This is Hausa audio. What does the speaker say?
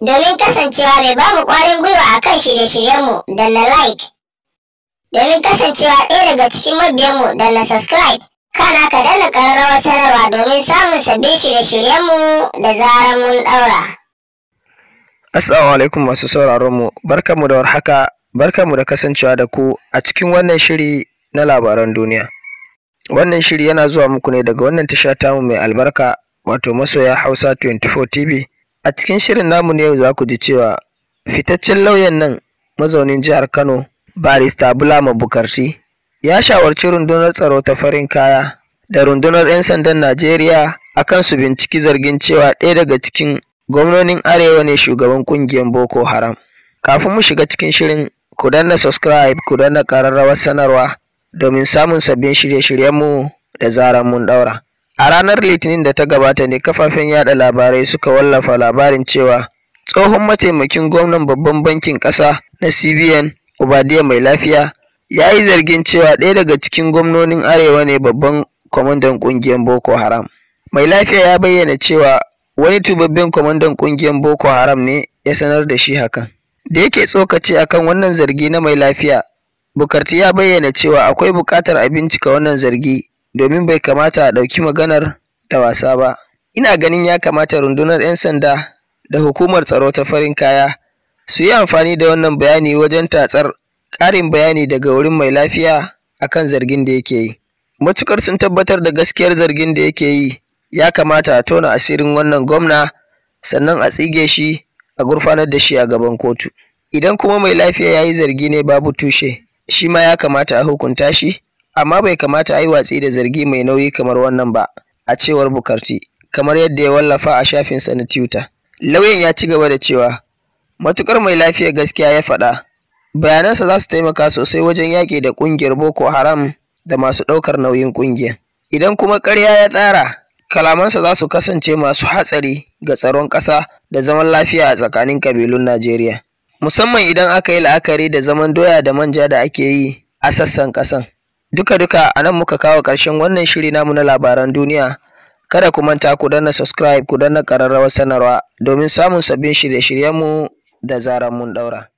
domin kasancewa mai bamu kwarin gwiwa a kan shirye-shiryenmu da na like. Domin kasancewa ɗaya daga cikin mabiyanmu da na subscribe, kana ka danna ƙararrawar sanarwa domin samun sabbin shirye-shiryenmu da zarar mun ɗaura. Assalamu alaikum masu sauraron sauraronmu, mu da warhaka, barkanmu da kasancewa da ku a cikin wannan shiri na labaran duniya. Wannan shiri yana zuwa muku ne daga wannan tasha tamu mai albarka wato masoya Hausa 24 TV. A cikin shirin namu ne yau za ku ji cewa fitaccen lauyan nan mazaunin jihar Kano barista Bula Bukarci ya shawarci rundunar tsaro ta farin kaya da rundunar 'yan sandan Najeriya akan su binciki zargin cewa ɗaya daga cikin gwamnonin arewa ne shugaban kungiyar Boko Haram. Kafin mu shiga cikin shirin ku danna subscribe ku danna ƙararrawar sanarwa domin samun sabbin shirye-shiryenmu da zaran mun ɗaura. A ranar Litinin da ta gabata ne kafafen yaɗa labarai suka wallafa labarin cewa tsohon mataimakin gwamnan Babban Bankin Ƙasa na CBN, Obadiah Mai Lafiya, ya yi zargin cewa ɗaya daga cikin gwamnonin Arewa ne babban kwamandan ƙungiyar Boko Haram. Mai Lafiya ya bayyana cewa wani tubabbin kwamandan ƙungiyar Boko Haram ne ya sanar da shi hakan. Da yake tsokaci akan wannan zargi na Mai Lafiya, Bukarti ya bayyana cewa akwai buƙatar a bincika wannan zargi domin bai kamata a ɗauki maganar da wasa ba. Ina ganin ya kamata rundunar 'yan sanda da hukumar tsaro ta farin kaya su yi amfani da wannan bayani wajen tatsar ƙarin bayani daga wurin mai lafiya a kan zargin da yake yi. Matukar sun tabbatar da gaskiyar zargin da yake yi, ya kamata a tona asirin wannan gwamna sannan a tsige shi a gurfanar da shi a gaban kotu. Idan kuma mai lafiya ya yi zargi ne babu tushe, shi ma ya kamata a hukunta shi Amma bai kamata a yi watsi da zargi mai nauyi kamar wannan ba, a cewar Bukarti, kamar yadda ya wallafa a shafinsa na tuta. Lauyan ya ci gaba da cewa, matukar mai lafiya gaskiya ya faɗa, bayanansa za su taimaka sosai wajen yaƙi da ƙungiyar Boko Haram da masu ɗaukar nauyin ƙungiyar. Idan kuma karya ya tsara, kalamansa za su kasance masu hatsari ga tsaron ƙasa da zaman lafiya a tsakanin kabilun Najeriya, musamman idan aka yi la'akari da zaman doya da manja da ake yi a sassan ƙasan. Duka-duka a nan muka kawo ƙarshen wannan shiri namu na labaran duniya. Kada ku manta ku danna subscribe ku danna ƙararrawar sanarwa domin samun sabbin shirye-shiryenmu da zarar mun ɗaura.